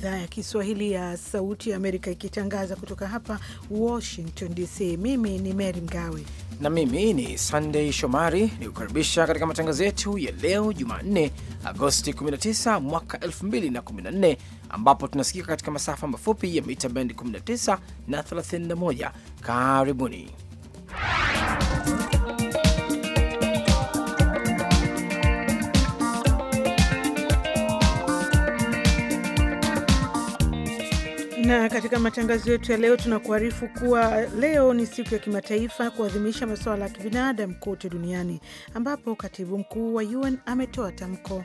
idhaa ya Kiswahili ya Sauti ya Amerika ikitangaza kutoka hapa Washington DC. Mimi ni Mary Mgawe na mimi ni sandey Shomari ni kukaribisha katika matangazo yetu ya leo Jumanne, Agosti 19 mwaka 2014 ambapo tunasikika katika masafa mafupi ya mita bendi 19 na 31. Karibuni Na katika matangazo yetu ya leo tunakuarifu kuwa leo ni siku ya kimataifa kuadhimisha masuala ya kibinadamu kote duniani, ambapo katibu mkuu wa UN ametoa tamko.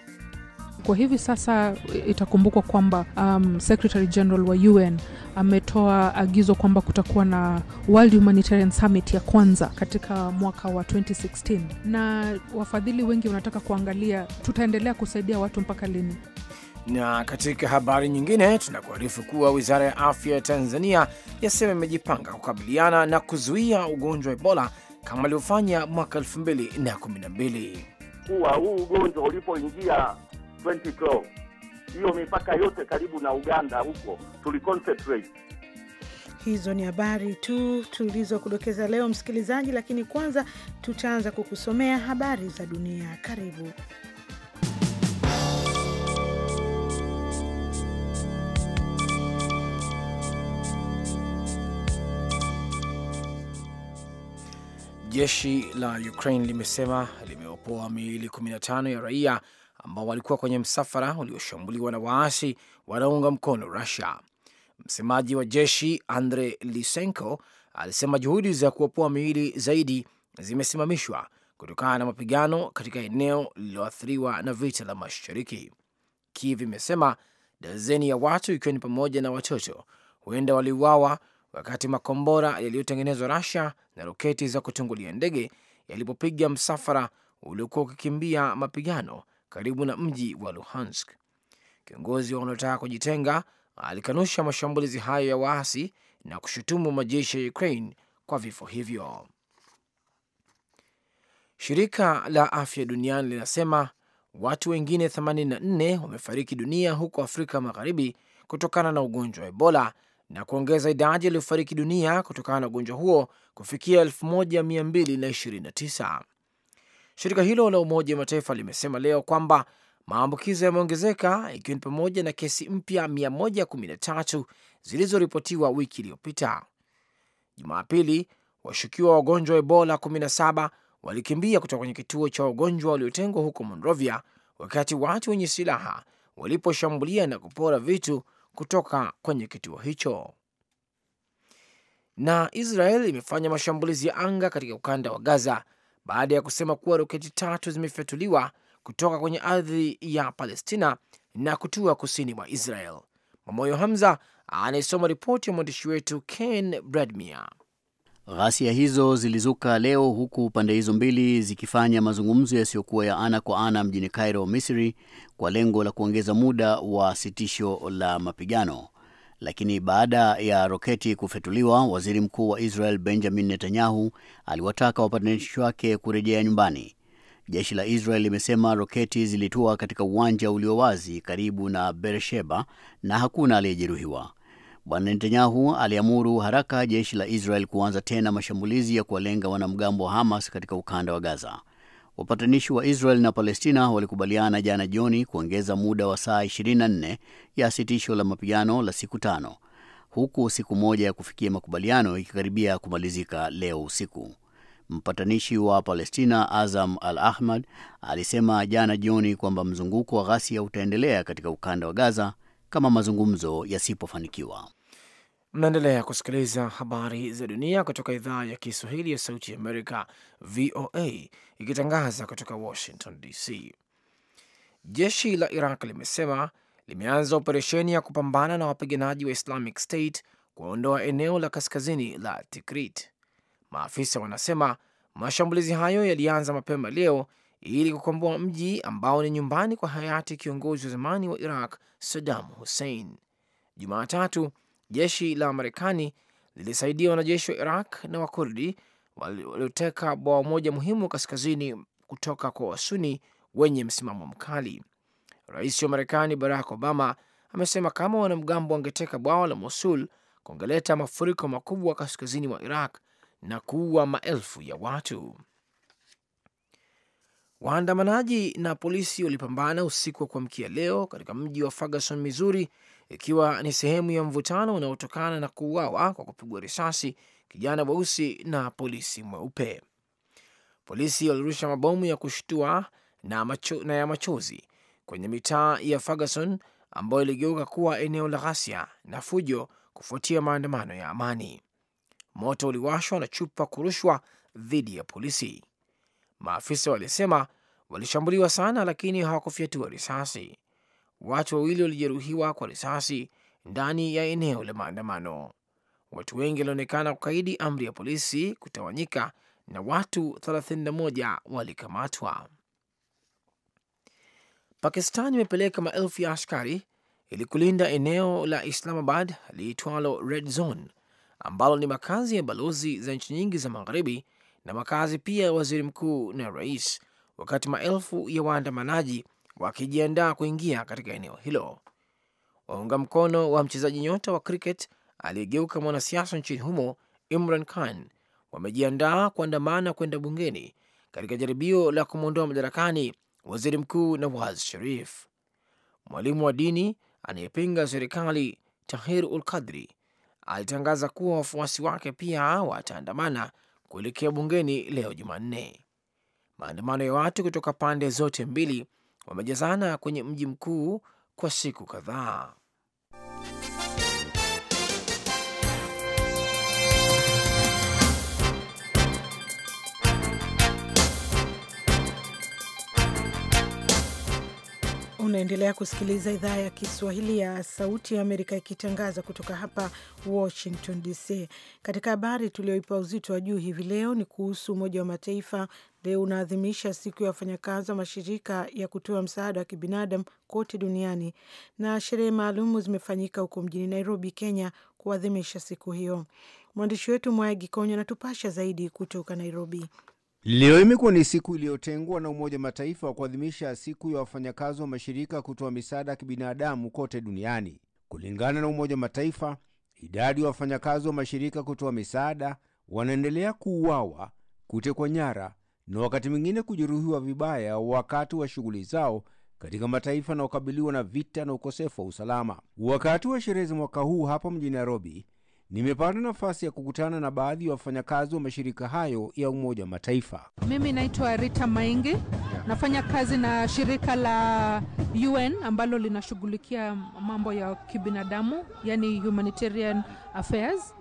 Kwa hivi sasa itakumbukwa kwamba um, Secretary General wa UN ametoa agizo kwamba kutakuwa na World Humanitarian Summit ya kwanza katika mwaka wa 2016 na wafadhili wengi wanataka kuangalia tutaendelea kusaidia watu mpaka lini. Na katika habari nyingine tunakuarifu kuwa wizara ya afya ya Tanzania yasema imejipanga kukabiliana na kuzuia ugonjwa wa Ebola kama alivyofanya mwaka 2012 kuwa huu ugonjwa ulipoingia 2012 hiyo mipaka yote karibu na Uganda huko tuliconcentrate. Hizo ni habari tu tulizokudokeza leo msikilizaji, lakini kwanza tutaanza kukusomea habari za dunia. Karibu. Jeshi la Ukraine limesema limeopoa miili 15 ya raia ambao walikuwa kwenye msafara ulioshambuliwa na waasi wanaunga mkono Rusia. Msemaji wa jeshi Andre Lisenko alisema juhudi za kuopoa miili zaidi zimesimamishwa kutokana na mapigano katika eneo lililoathiriwa na vita la mashariki. Kiev imesema dazeni ya watu ikiwa ni pamoja na watoto huenda waliuawa wakati makombora yaliyotengenezwa rasia na roketi za kutungulia ndege yalipopiga msafara uliokuwa ukikimbia mapigano karibu na mji wa Luhansk. Kiongozi wa wanaotaka kujitenga alikanusha mashambulizi hayo ya waasi na kushutumu majeshi ya Ukraine kwa vifo hivyo. Shirika la Afya Duniani linasema watu wengine 84 wamefariki dunia huko Afrika Magharibi kutokana na ugonjwa wa Ebola na kuongeza idadi yaliyofariki dunia kutokana na ugonjwa huo kufikia 1229. Shirika hilo la Umoja wa Mataifa limesema leo kwamba maambukizo yameongezeka ikiwa ni pamoja na kesi mpya 113 zilizoripotiwa wiki iliyopita. Jumapili, washukiwa wa wagonjwa wa Ebola 17 walikimbia kutoka kwenye kituo cha wagonjwa waliotengwa huko Monrovia wakati watu wenye silaha waliposhambulia na kupora vitu kutoka kwenye kituo hicho. Na Israel imefanya mashambulizi ya anga katika ukanda wa Gaza baada ya kusema kuwa roketi tatu zimefyatuliwa kutoka kwenye ardhi ya Palestina na kutua kusini mwa Israel. Mamoyo Hamza anayesoma ripoti ya mwandishi wetu Ken Bradmia. Ghasia hizo zilizuka leo huku pande hizo mbili zikifanya mazungumzo yasiyokuwa ya ana kwa ana mjini Cairo, Misri, kwa lengo la kuongeza muda wa sitisho la mapigano. Lakini baada ya roketi kufyatuliwa, waziri mkuu wa Israel Benjamin Netanyahu aliwataka wapatanishi wake kurejea nyumbani. Jeshi la Israel limesema roketi zilitua katika uwanja ulio wazi karibu na Beersheba na hakuna aliyejeruhiwa. Bwana Netanyahu aliamuru haraka jeshi la Israel kuanza tena mashambulizi ya kuwalenga wanamgambo wa Hamas katika ukanda wa Gaza. Wapatanishi wa Israel na Palestina walikubaliana jana jioni kuongeza muda wa saa 24 ya sitisho la mapigano la siku tano, huku siku moja ya kufikia makubaliano ikikaribia kumalizika leo usiku. Mpatanishi wa Palestina Azam Al Ahmad alisema jana jioni kwamba mzunguko wa ghasia utaendelea katika ukanda wa Gaza kama mazungumzo yasipofanikiwa. Mnaendelea kusikiliza habari za dunia kutoka idhaa ya Kiswahili ya Sauti ya Amerika, VOA, ikitangaza kutoka Washington DC. Jeshi la Iraq limesema limeanza operesheni ya kupambana na wapiganaji wa Islamic State kuwaondoa eneo la kaskazini la Tikrit. Maafisa wanasema mashambulizi hayo yalianza mapema leo ili kukomboa mji ambao ni nyumbani kwa hayati kiongozi wa zamani wa Iraq Saddam Hussein. Jumatatu, jeshi la Marekani lilisaidia wanajeshi wa Iraq na Wakurdi walioteka bwawa moja muhimu kaskazini kutoka kwa Wasuni wenye msimamo mkali. Rais wa Marekani Barack Obama amesema kama wanamgambo wangeteka bwawa la Mosul kungeleta mafuriko makubwa kaskazini mwa Iraq na kuua maelfu ya watu. Waandamanaji na polisi walipambana usiku wa kuamkia leo katika mji wa Ferguson, Missouri, ikiwa ni sehemu ya mvutano unaotokana na kuuawa kwa kupigwa risasi kijana mweusi na polisi mweupe. Polisi walirusha mabomu ya kushtua na, macho, na ya machozi kwenye mitaa ya Ferguson ambayo iligeuka kuwa eneo la ghasia na fujo kufuatia maandamano ya amani. Moto uliwashwa na chupa kurushwa dhidi ya polisi. Maafisa walisema Walishambuliwa sana, lakini hawakufyatua risasi. Watu wawili walijeruhiwa kwa risasi ndani ya eneo la maandamano. Watu wengi walionekana kukaidi amri ya polisi kutawanyika na watu 31 walikamatwa. Pakistan imepeleka maelfu ya askari ili kulinda eneo la Islamabad liitwalo Red Zone ambalo ni makazi ya balozi za nchi nyingi za magharibi na makazi pia ya waziri mkuu na rais wakati maelfu ya waandamanaji wakijiandaa kuingia katika eneo hilo. Waunga mkono wa mchezaji nyota wa cricket aliyegeuka mwanasiasa nchini humo Imran Khan wamejiandaa kuandamana kwenda bungeni katika jaribio la kumwondoa madarakani waziri mkuu Nawaz Sharif. Mwalimu wa dini anayepinga serikali Tahir ul Kadri alitangaza kuwa wafuasi wake pia wataandamana kuelekea bungeni leo Jumanne. Maandamano ya watu kutoka pande zote mbili wamejazana kwenye mji mkuu kwa siku kadhaa. Unaendelea kusikiliza idhaa ya Kiswahili ya Sauti ya Amerika ikitangaza kutoka hapa Washington DC. Katika habari tulioipa uzito wa juu hivi leo ni kuhusu Umoja wa Mataifa leo unaadhimisha siku ya wafanyakazi wa mashirika ya kutoa msaada wa kibinadamu kote duniani, na sherehe maalumu zimefanyika huko mjini Nairobi, Kenya, kuadhimisha siku hiyo. Mwandishi wetu Mwaya Gikonyo anatupasha zaidi kutoka Nairobi. Leo imekuwa ni siku iliyotengwa na Umoja wa Mataifa wa kuadhimisha siku ya wafanyakazi wa mashirika kutoa misaada ya kibinadamu kote duniani. Kulingana na Umoja wa Mataifa, idadi ya wafanyakazi wa mashirika kutoa misaada wanaendelea kuuawa, kutekwa nyara na wakati mwingine kujeruhiwa vibaya wakati wa shughuli zao katika mataifa yanayokabiliwa na vita na ukosefu wa usalama. Wakati wa sherehe za mwaka huu hapa mjini Nairobi, nimepata nafasi ya kukutana na baadhi ya wafanyakazi wa mashirika hayo ya Umoja wa Mataifa. Mimi naitwa Rita Maingi, yeah. Nafanya kazi na shirika la UN ambalo linashughulikia mambo ya kibinadamu, yani humanitarian affairs,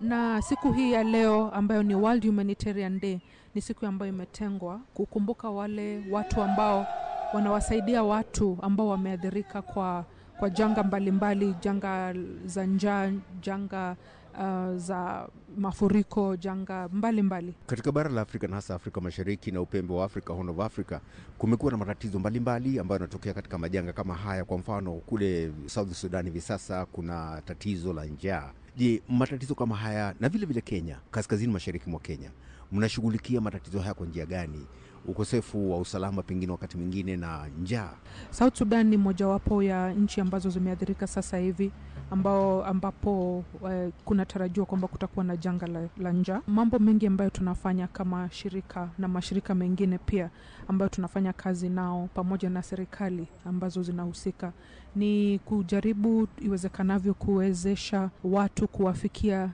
na siku hii ya leo ambayo ni World Humanitarian Day ni siku ambayo imetengwa kukumbuka wale watu ambao wanawasaidia watu ambao wameathirika kwa kwa janga mbalimbali mbali, janga za njaa, janga uh, za mafuriko, janga mbalimbali mbali. Katika bara la Afrika na hasa Afrika Mashariki na upembe wa Afrika, Horn of Africa, kumekuwa na matatizo mbalimbali ambayo yanatokea katika majanga kama haya. Kwa mfano kule South Sudan hivi sasa kuna tatizo la njaa. Je, matatizo kama haya na vile vile Kenya, kaskazini mashariki mwa Kenya, mnashughulikia matatizo haya kwa njia gani? ukosefu wa usalama, pengine wakati mwingine na njaa. South Sudan ni mojawapo ya nchi ambazo zimeathirika sasa hivi ambao ambapo eh, kunatarajiwa kwamba kutakuwa na janga la, la njaa. Mambo mengi ambayo tunafanya kama shirika na mashirika mengine pia ambayo tunafanya kazi nao pamoja na serikali ambazo zinahusika ni kujaribu iwezekanavyo kuwezesha watu kuwafikia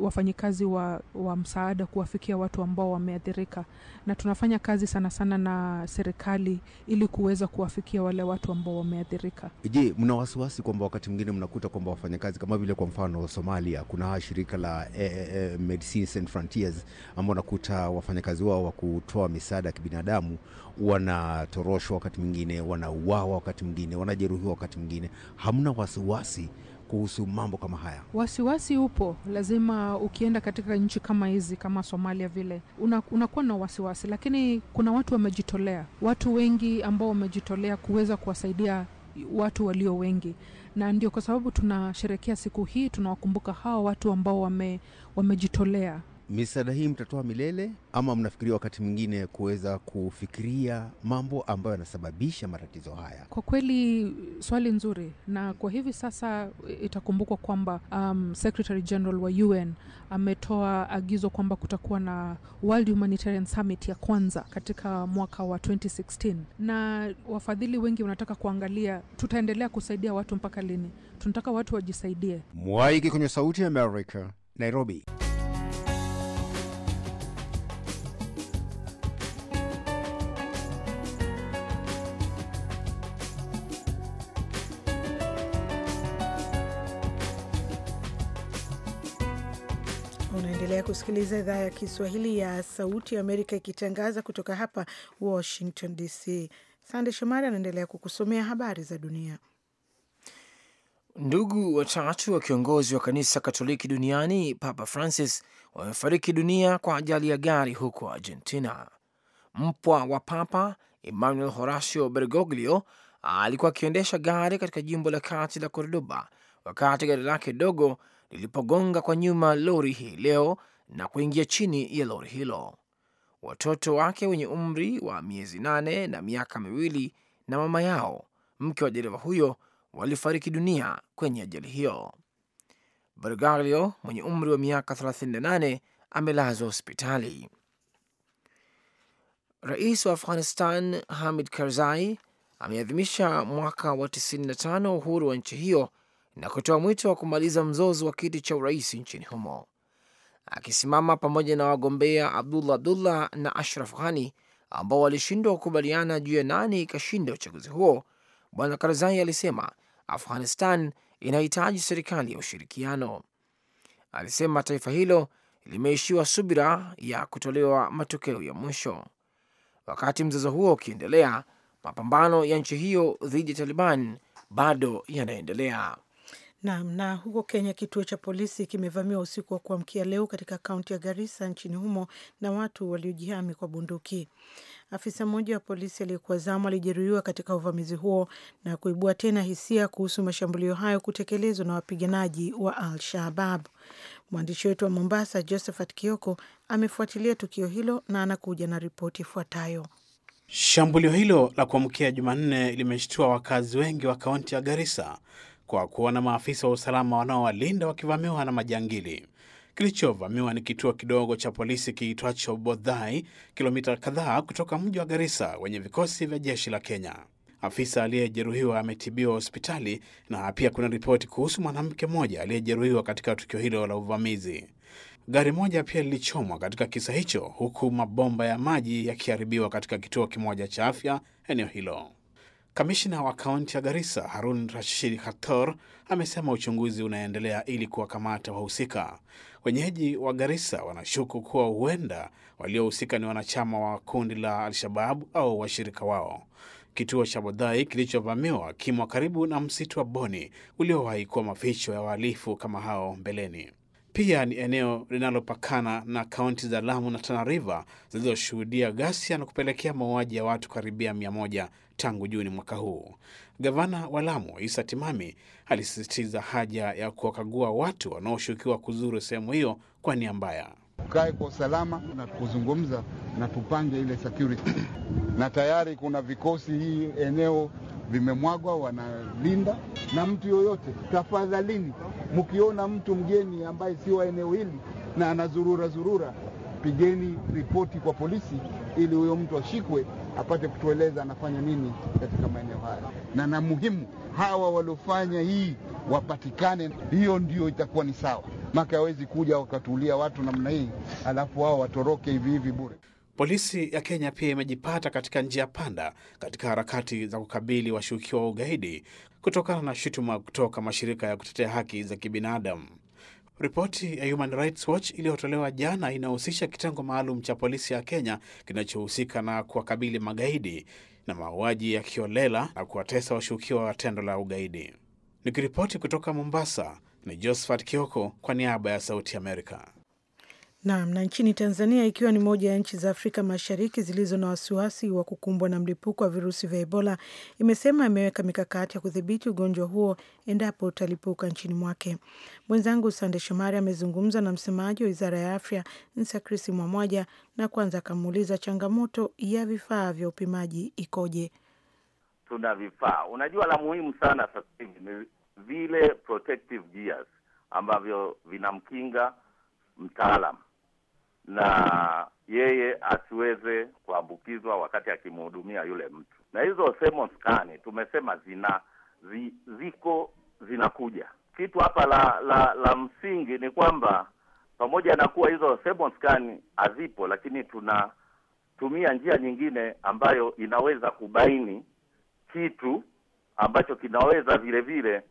wafanyikazi wa, wa msaada kuwafikia watu ambao wameathirika, na tunafanya kazi sana sana na serikali ili kuweza kuwafikia wale watu ambao wameathirika. Je, mna wasiwasi kwamba wakati mwingine mnakuta kwamba wafanyakazi kama vile kwa mfano Somalia, kuna shirika la eh, eh, eh ambao nakuta wafanyakazi wao wa kutoa misaada ya kibinadamu wanatoroshwa, wakati mwingine wanauawa, wakati mwingine wanajeruhiwa, wakati mwingine hamna wasiwasi kuhusu mambo kama haya? Wasiwasi upo, lazima. Ukienda katika nchi kama hizi kama Somalia vile unakuwa una na wasiwasi, lakini kuna watu wamejitolea, watu wengi ambao wamejitolea kuweza kuwasaidia watu walio wengi, na ndio kwa sababu tunasherekea siku hii, tunawakumbuka hawa watu ambao wame, wamejitolea misaada hii mtatoa milele ama mnafikiria wakati mwingine kuweza kufikiria mambo ambayo yanasababisha matatizo haya? Kwa kweli swali nzuri, na kwa hivi sasa itakumbukwa kwamba um, Secretary General wa UN ametoa agizo kwamba kutakuwa na World Humanitarian Summit ya kwanza katika mwaka wa 2016 na wafadhili wengi wanataka kuangalia tutaendelea kusaidia watu mpaka lini. Tunataka watu wajisaidie. Mwaiki kwenye Sauti ya America, Nairobi. kusikiliza idhaa ya Kiswahili ya Sauti ya Amerika ikitangaza kutoka hapa Washington DC. Sande Shomari anaendelea kukusomea habari za dunia. Ndugu watatu wa kiongozi wa kanisa Katoliki duniani Papa Francis wamefariki dunia kwa ajali ya gari huko Argentina. Mpwa wa Papa Emmanuel Horacio Bergoglio alikuwa akiendesha gari katika jimbo la kati la Cordoba wakati gari lake dogo lilipogonga kwa nyuma lori hii leo na kuingia chini ya lori hilo. Watoto wake wenye umri wa miezi nane na miaka miwili na mama yao, mke wa dereva huyo, walifariki dunia kwenye ajali hiyo. Bergoglio mwenye umri wa miaka 38 amelazwa hospitali. Rais wa Afghanistan Hamid Karzai ameadhimisha mwaka wa 95 uhuru wa nchi hiyo na kutoa mwito wa kumaliza mzozo wa kiti cha urais nchini humo akisimama pamoja na wagombea Abdullah Abdullah na Ashraf Ghani ambao walishindwa kukubaliana juu ya nani ikashinda uchaguzi huo. Bwana Karzai alisema Afghanistan inahitaji serikali ya ushirikiano. Alisema taifa hilo limeishiwa subira ya kutolewa matokeo ya mwisho. Wakati mzozo huo ukiendelea, mapambano ya nchi hiyo dhidi ya Taliban bado yanaendelea. Naam. Na huko Kenya, kituo cha polisi kimevamiwa usiku wa kuamkia leo katika kaunti ya Garissa nchini humo na watu waliojihami kwa bunduki. Afisa mmoja wa polisi aliyekuwa zamu alijeruhiwa katika uvamizi huo na kuibua tena hisia kuhusu mashambulio hayo kutekelezwa na wapiganaji wa Al Shabab. Mwandishi wetu wa Mombasa, Josephat Kioko, amefuatilia tukio hilo na anakuja na ripoti ifuatayo. Shambulio hilo la kuamkia Jumanne limeshtua wakazi wengi wa kaunti ya Garissa kwa kuwa na maafisa wa usalama wanaowalinda wakivamiwa na majangili. Kilichovamiwa ni kituo kidogo cha polisi kiitwacho Bodhai, kilomita kadhaa kutoka mji wa Garissa wenye vikosi vya jeshi la Kenya. Afisa aliyejeruhiwa ametibiwa hospitali na pia kuna ripoti kuhusu mwanamke mmoja aliyejeruhiwa katika tukio hilo la uvamizi. Gari moja pia lilichomwa katika kisa hicho, huku mabomba ya maji yakiharibiwa katika kituo kimoja cha afya eneo hilo. Kamishna wa kaunti ya Garissa Harun Rashid Khator amesema uchunguzi unaendelea ili kuwakamata wahusika. Wenyeji wa Garissa wanashuku kuwa huenda waliohusika ni wanachama wa kundi la Al-Shababu au washirika wao. Kituo cha Bodhai kilichovamiwa kimwa karibu na msitu wa Boni uliowahi kuwa maficho ya wahalifu kama hao mbeleni. Pia ni eneo linalopakana na kaunti za Lamu na Tana River zilizoshuhudia ghasia na kupelekea mauaji ya watu karibia mia moja tangu Juni mwaka huu. Gavana wa Lamu Isa Timami alisisitiza haja ya kuwakagua watu wanaoshukiwa kuzuru sehemu hiyo kwa nia mbaya. Tukae kwa usalama na kuzungumza na tupange ile security, na tayari kuna vikosi hii eneo vimemwagwa, wanalinda na mtu yoyote. Tafadhalini, mkiona mtu mgeni ambaye si wa eneo hili na anazurura zurura, pigeni ripoti kwa polisi ili huyo mtu ashikwe apate kutueleza anafanya nini katika maeneo haya, na na muhimu hawa waliofanya hii wapatikane. Hiyo ndio itakuwa ni sawa, maka hawezi kuja wakatuulia watu namna hii alafu wao watoroke hivi hivi bure. Polisi ya Kenya pia imejipata katika njia panda katika harakati za kukabili washukiwa wa ugaidi kutokana na shutuma kutoka mashirika ya kutetea haki za kibinadamu. Ripoti ya Human Rights Watch iliyotolewa jana inahusisha kitengo maalum cha polisi ya Kenya kinachohusika na kuwakabili magaidi na mauaji ya kiolela na kuwatesa washukiwa wa tendo la ugaidi. Nikiripoti kutoka Mombasa ni Josephat Kioko kwa niaba ya Sauti Amerika. Naam, na nchini Tanzania ikiwa ni moja ya nchi za Afrika Mashariki zilizo na wasiwasi wa kukumbwa na mlipuko wa virusi vya Ebola, imesema imeweka mikakati ya kudhibiti ugonjwa huo endapo utalipuka nchini mwake. Mwenzangu Sande Shomari amezungumza na msemaji wa Wizara ya Afya, Krisi Mwamwaja, na kwanza akamuuliza changamoto ya vifaa vya upimaji ikoje. Tuna vifaa, unajua la muhimu sana sasa hivi ni vile protective gears ambavyo vinamkinga mtaalam na yeye asiweze kuambukizwa wakati akimhudumia yule mtu. Na hizo thermoscan tumesema zina zi, ziko zinakuja. Kitu hapa la la la msingi ni kwamba pamoja na kuwa hizo thermoscan hazipo, lakini tunatumia njia nyingine ambayo inaweza kubaini kitu ambacho kinaweza vile vile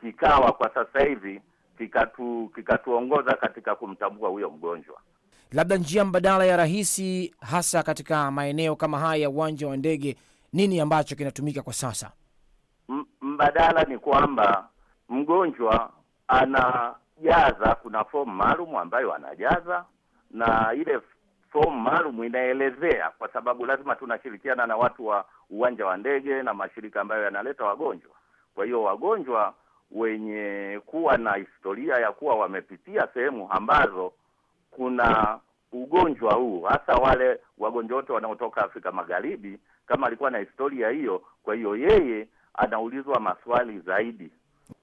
kikawa kwa sasa hivi kikatu- kikatuongoza katika kumtambua huyo mgonjwa labda njia mbadala ya rahisi, hasa katika maeneo kama haya ya uwanja wa ndege, nini ambacho kinatumika kwa sasa? M mbadala ni kwamba mgonjwa anajaza, kuna fomu maalum ambayo anajaza, na ile fomu maalum inaelezea, kwa sababu lazima tunashirikiana na watu wa uwanja wa ndege na mashirika ambayo yanaleta wagonjwa. Kwa hiyo wagonjwa wenye kuwa na historia ya kuwa wamepitia sehemu ambazo kuna ugonjwa huu, hasa wale wagonjwa wote wanaotoka Afrika Magharibi, kama alikuwa na historia hiyo. Kwa hiyo yeye anaulizwa maswali zaidi.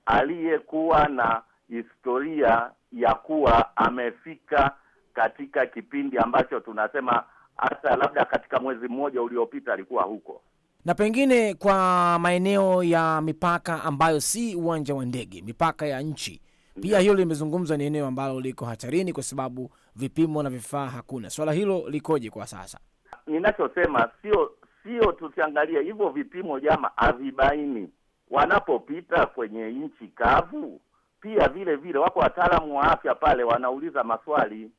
Aliyekuwa na historia ya kuwa amefika katika kipindi ambacho tunasema hata labda katika mwezi mmoja uliopita alikuwa huko, na pengine kwa maeneo ya mipaka ambayo si uwanja wa ndege, mipaka ya nchi pia hilo limezungumzwa, ni eneo ambalo liko hatarini kwa sababu vipimo na vifaa hakuna. Swala hilo likoje kwa sasa? Ninachosema sio sio, tukiangalia hivyo vipimo, jama havibaini wanapopita kwenye nchi kavu. Pia vile vile wako wataalamu wa afya pale, wanauliza maswali.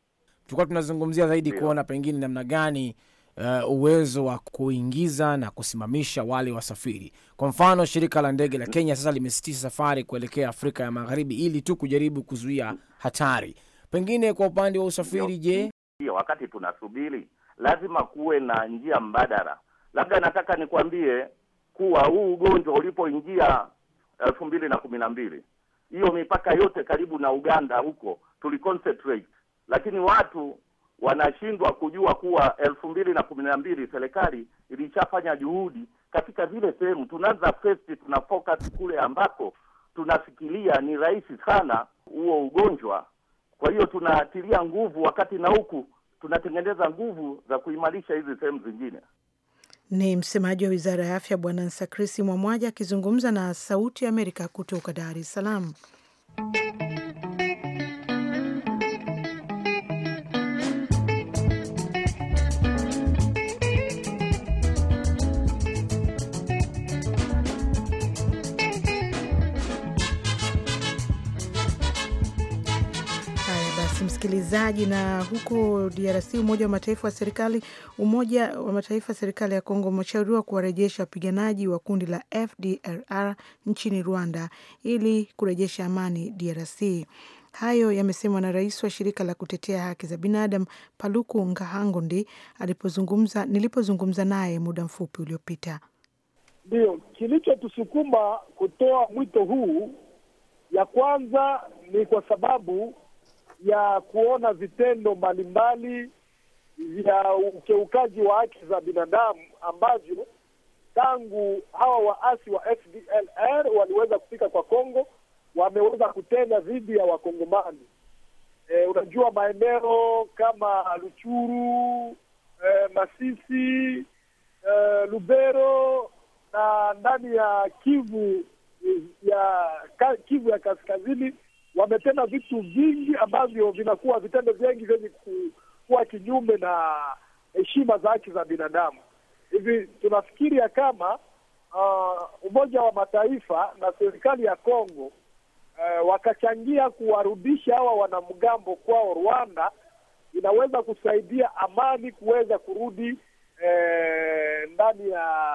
Tulikuwa tunazungumzia zaidi kuona pengine namna gani uh, uwezo wa kuingiza na kusimamisha wale wasafiri. Kwa mfano, shirika la ndege la Kenya sasa limesitisha safari kuelekea Afrika ya Magharibi ili tu kujaribu kuzuia hatari. Pengine kwa upande wa usafiri, je, wakati tunasubiri lazima kuwe na njia mbadala. Labda nataka nikwambie kuwa huu ugonjwa ulipoingia elfu mbili na kumi na mbili hiyo mipaka yote karibu na Uganda huko tuli lakini watu wanashindwa kujua kuwa elfu mbili na kumi na mbili serikali ilishafanya juhudi katika zile sehemu. Tunaanza first, tuna focus kule ambako tunafikiria ni rahisi sana huo ugonjwa. Kwa hiyo tunatilia nguvu, wakati na huku tunatengeneza nguvu za kuimarisha hizi sehemu zingine. Ni msemaji wa wizara ya afya Bwana Nsakrisi Mwamwaja akizungumza na Sauti Amerika kutoka Dar es Salaam. msikilizaji. Na huko DRC, Umoja wa Mataifa wa serikali Umoja wa Mataifa serikali ya Kongo umeshauriwa kuwarejesha wapiganaji wa kundi la FDLR nchini Rwanda ili kurejesha amani DRC. Hayo yamesemwa na rais wa shirika la kutetea haki za binadamu Paluku Ngahangondi alipozungumza nilipozungumza naye muda mfupi uliopita. ndio kilichotusukuma kutoa mwito huu, ya kwanza ni kwa sababu ya kuona vitendo mbalimbali vya ukiukaji wa haki za binadamu ambavyo tangu hawa waasi wa FDLR waliweza kufika kwa Kongo wameweza kutenda dhidi ya Wakongomani. E, unajua maeneo kama Luchuru, e, Masisi, e, Lubero na ndani ya Kivu ya Kivu ya kaskazini wametenda vitu vingi ambavyo vinakuwa vitendo vingi vyenye kuwa kinyume na heshima za haki za binadamu. Hivi tunafikiri kama uh, Umoja wa Mataifa na serikali ya Kongo uh, wakachangia kuwarudisha hawa wanamgambo kwao Rwanda, inaweza kusaidia amani kuweza kurudi eh, ndani ya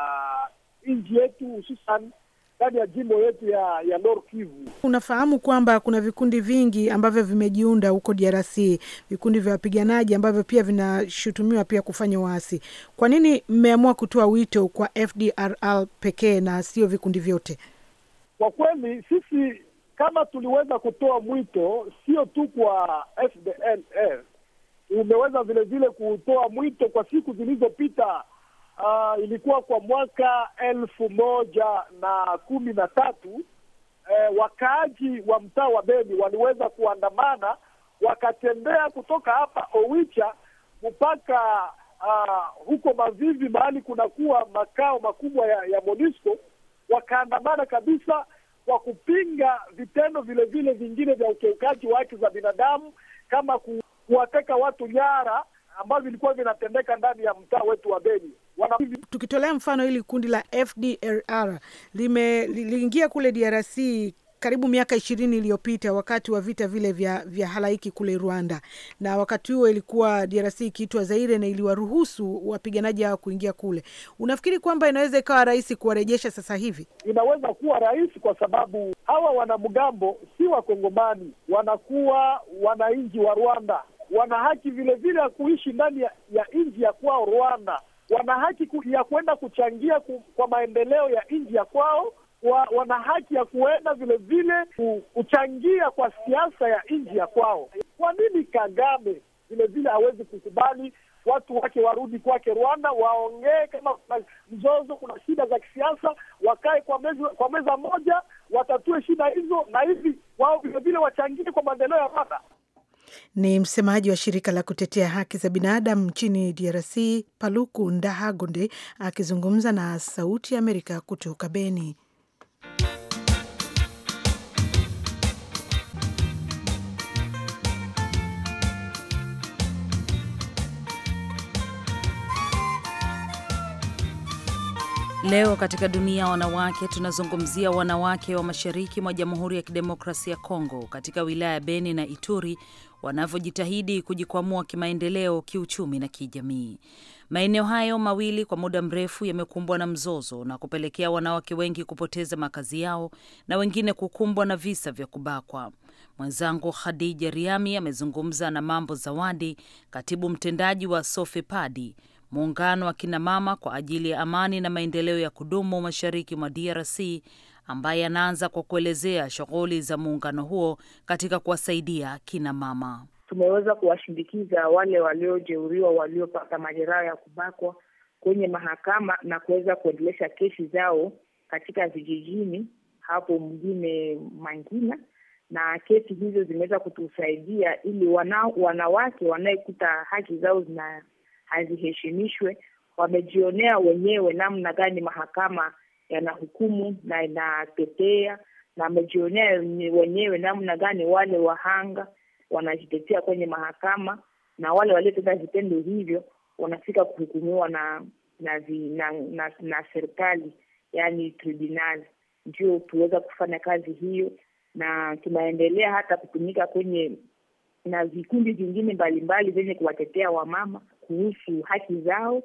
nchi yetu hususan ndani ya jimbo yetu ya ya Nord Kivu. Unafahamu kwamba kuna vikundi vingi ambavyo vimejiunda huko DRC, vikundi vya wapiganaji ambavyo pia vinashutumiwa pia kufanya waasi. Kwa nini mmeamua kutoa wito kwa FDRL pekee na sio vikundi vyote? Kwa kweli sisi kama tuliweza kutoa mwito sio tu kwa FDLR, umeweza vilevile kutoa mwito kwa siku zilizopita uh, ilikuwa kwa mwaka elfu moja na kumi na tatu eh, wakaaji wa mtaa wa Beni waliweza kuandamana wakatembea kutoka hapa Owicha mpaka uh, huko Mavivi mahali kunakuwa makao makubwa ya, ya Monisco wakaandamana kabisa kwa kupinga vitendo vile vile vingine vya ukiukaji wa haki za binadamu kama ku, kuwateka watu nyara ambavyo vilikuwa vinatendeka ndani ya mtaa wetu wa Beni. Tukitolea mfano hili kundi la FDLR liliingia kule DRC karibu miaka ishirini iliyopita wakati wa vita vile vya, vya halaiki kule Rwanda, na wakati huo ilikuwa DRC ikiitwa Zaire na iliwaruhusu wapiganaji hawa kuingia kule. Unafikiri kwamba inaweza ikawa rahisi kuwarejesha sasa hivi? Inaweza kuwa rahisi kwa sababu hawa wanamgambo si Wakongomani, wanakuwa wananchi wa Rwanda, wana haki vilevile ya kuishi ndani ya nchi ya kwao Rwanda wana haki ku, ya kwenda kuchangia ku, kwa maendeleo ya nji ya kwao wa, wana haki ya kuenda vilevile kuchangia kwa siasa ya nji ya kwao. Kwa nini Kagame vilevile hawezi kukubali watu wake warudi kwake Rwanda, waongee kama kuna mzozo, kuna shida za kisiasa, wakae kwa meza, kwa meza moja watatue shida hizo, na hivi wao vilevile wachangie kwa maendeleo ya Rwanda. Ni msemaji wa shirika la kutetea haki za binadamu nchini DRC, Paluku Ndahagonde, akizungumza na Sauti ya Amerika kutoka Beni. Leo katika dunia ya wanawake tunazungumzia wanawake wa mashariki mwa Jamhuri ya Kidemokrasia ya Kongo katika wilaya ya Beni na Ituri wanavyojitahidi kujikwamua kimaendeleo, kiuchumi na kijamii. Maeneo hayo mawili kwa muda mrefu yamekumbwa na mzozo na kupelekea wanawake wengi kupoteza makazi yao na wengine kukumbwa na visa vya kubakwa. Mwenzangu Khadija Riami amezungumza na Mambo Zawadi, katibu mtendaji wa Sofepadi, Muungano wa kinamama kwa ajili ya amani na maendeleo ya kudumu mashariki mwa DRC ambaye anaanza kwa kuelezea shughuli za muungano huo katika kuwasaidia kinamama. Tumeweza kuwashindikiza wale waliojeuriwa, waliopata majeraha ya kubakwa kwenye mahakama na kuweza kuendelesha kesi zao katika vijijini hapo mjini Mangina, na kesi hizo zimeweza kutusaidia ili wana, wanawake wanayekuta haki zao zina haziheshimishwe. Wamejionea wenyewe namna gani mahakama yanahukumu na inatetea, na wamejionea wenyewe namna gani wale wahanga wanajitetea kwenye mahakama na wale waliotenda vitendo hivyo wanafika kuhukumiwa na na, na, na, na serikali yani tribunal. Ndio tuweza kufanya kazi hiyo, na tunaendelea hata kutumika kwenye na vikundi vingine mbalimbali vyenye kuwatetea wamama kuhusu haki zao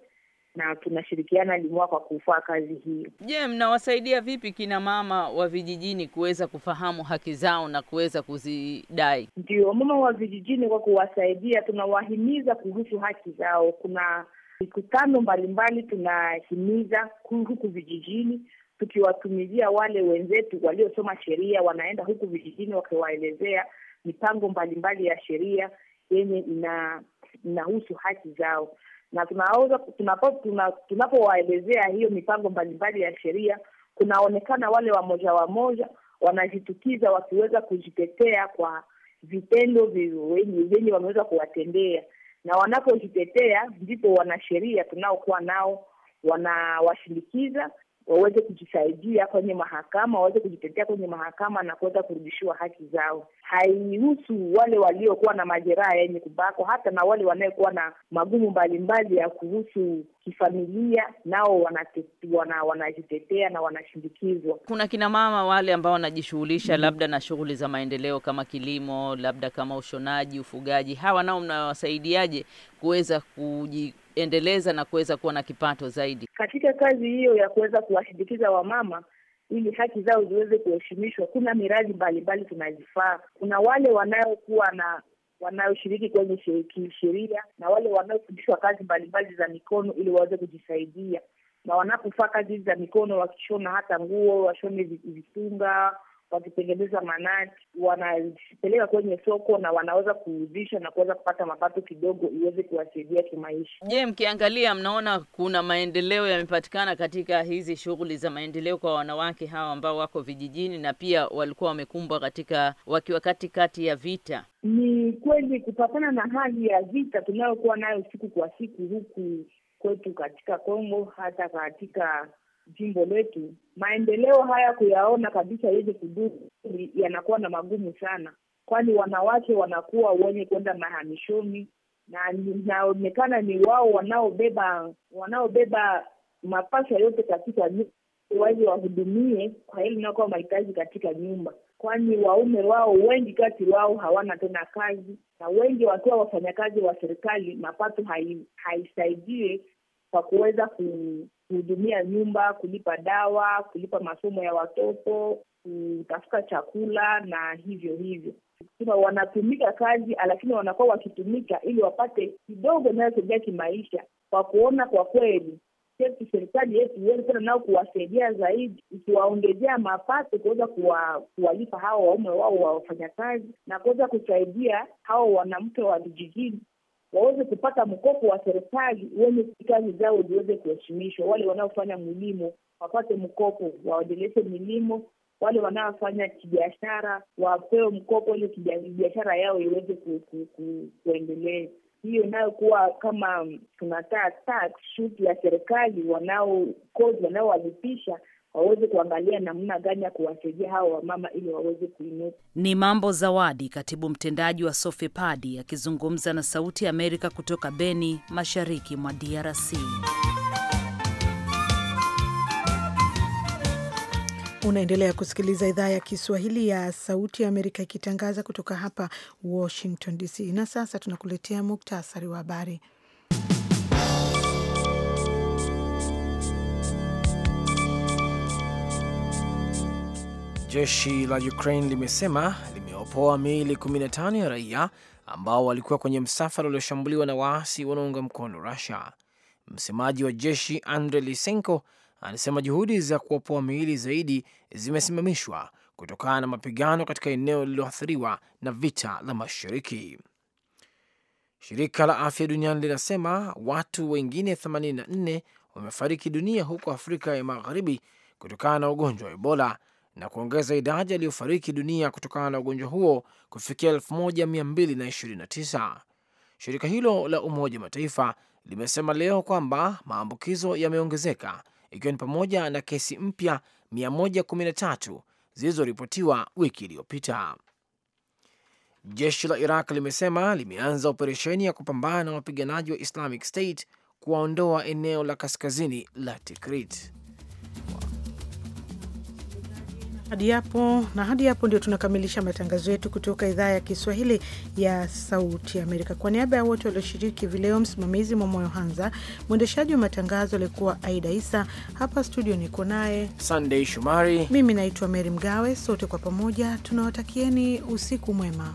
na tunashirikiana LIMUA kwa kufaa kazi hiyo. Je, yeah, mnawasaidia vipi kina mama wa vijijini kuweza kufahamu haki zao na kuweza kuzidai? Ndio, mama wa vijijini kwa kuwasaidia, tunawahimiza kuhusu haki zao. Kuna mikutano mbalimbali tunahimiza huku vijijini, tukiwatumizia wale wenzetu waliosoma sheria, wanaenda huku vijijini wakiwaelezea mipango mbalimbali ya sheria yenye ina inahusu haki zao, na tunapowaelezea hiyo mipango mbalimbali ya sheria, kunaonekana wale wamoja wamoja wanajitukiza wakiweza kujitetea kwa vitendo vyenye wameweza kuwatendea, na wanapojitetea ndipo wanasheria tunaokuwa nao wanawashindikiza waweze kujisaidia kwenye mahakama, waweze kujitetea kwenye mahakama na kuweza kurudishiwa haki zao. Haihusu wale waliokuwa na majeraha yenye kubako, hata na wale wanaekuwa na magumu mbalimbali ya kuhusu kifamilia, nao wanajitetea wana, na wanashindikizwa. Kuna kina mama wale ambao wanajishughulisha mm, labda na shughuli za maendeleo kama kilimo, labda kama ushonaji, ufugaji, hawa nao mnawasaidiaje kuweza kuji endeleza na kuweza kuwa na kipato zaidi katika kazi hiyo ya kuweza kuwashindikiza wamama ili haki zao ziweze kuheshimishwa. Kuna miradi mbalimbali tunazifaa. Kuna wale wanaokuwa na wanaoshiriki kwenye kisheria na wale wanaofundishwa kazi mbalimbali za mikono ili waweze kujisaidia, na wanapofaa kazi hizi za mikono, wakishona hata nguo, washone vitunga, wakitengeneza manati, wanapeleka kwenye soko na wanaweza kuuzisha na kuweza kupata mapato kidogo iweze kuwasaidia kimaisha. Je, mkiangalia mnaona kuna maendeleo yamepatikana katika hizi shughuli za maendeleo kwa wanawake hawa ambao wako vijijini na pia walikuwa wamekumbwa katika wakiwa katikati ya vita? Ni kweli kupatana na hali ya vita tunayokuwa nayo siku kwa siku huku kwetu katika Kongo hata katika jimbo letu, maendeleo haya kuyaona kabisa yenye kudumu yanakuwa na magumu sana, kwani wanawake wanakuwa wenye kwenda mahamishoni na inaonekana ni wao wanaobeba wanaobeba mapasa yote katika nyumba waje wahudumie kwa hili nakuwa mahitaji katika nyumba, kwani waume wao wengi kati wao hawana tena kazi, na wengi wakiwa wafanyakazi wa serikali mapato haisaidie kwa kuweza kuhudumia nyumba, kulipa dawa, kulipa masomo ya watoto, kutafuta chakula na hivyo hivyo. Sima wanatumika kazi, lakini wanakuwa wakitumika ili wapate kidogo inayosaidia kimaisha, kwa kuona kwa kweli serikali yetu iweze tena nao kuwasaidia zaidi, ikiwaongezea mapato kuweza kuwalipa hawa waume wao wa wafanyakazi na kuweza kusaidia hawa wanamke wa vijijini waweze kupata mkopo wa serikali wenye kazi zao ziweze kuheshimishwa. Wale wanaofanya milimo wapate mkopo, waendeleshe milimo. Wale wanaofanya kibiashara wapewe mkopo ili biashara yao iweze ku, ku, ku, kuendelea. Hiyo inayokuwa kama tunataa tax shoot ya serikali kodi wanaowalipisha waweze kuangalia namna gani ya kuwasaidia hawa wamama ili waweze kuinuka. Ni Mambo Zawadi, katibu mtendaji wa Sofepadi, akizungumza na Sauti ya Amerika kutoka Beni, mashariki mwa DRC. Unaendelea kusikiliza idhaa ya Kiswahili ya Sauti ya Amerika ikitangaza kutoka hapa Washington DC, na sasa tunakuletea muktasari wa habari. Jeshi la Ukraine limesema limeopoa miili 15 ya raia ambao walikuwa kwenye msafara ulioshambuliwa na waasi wanaounga mkono Rusia. Msemaji wa jeshi andre Lisenko anasema juhudi za kuopoa miili zaidi zimesimamishwa kutokana na mapigano katika eneo lililoathiriwa na vita la mashariki. Shirika la afya duniani linasema watu wengine 84 wamefariki dunia huko Afrika ya magharibi kutokana na ugonjwa wa Ebola na kuongeza idadi aliyofariki dunia kutokana na ugonjwa huo kufikia 1229. Shirika hilo la Umoja wa Mataifa limesema leo kwamba maambukizo yameongezeka ikiwa ni pamoja na kesi mpya 113 zilizoripotiwa wiki iliyopita. Jeshi la Iraq limesema limeanza operesheni ya kupambana na wapiganaji wa Islamic State kuwaondoa eneo la kaskazini la Tikrit. Hadi hapo na hadi hapo ndio tunakamilisha matangazo yetu kutoka idhaa ya Kiswahili ya Sauti Amerika. Kwa niaba ya wote walioshiriki vileo, msimamizi mwa moyo Hanza, mwendeshaji wa matangazo alikuwa Aida Isa. Hapa studio niko naye sandey Shumari, mimi naitwa Meri Mgawe. Sote kwa pamoja tunawatakieni usiku mwema.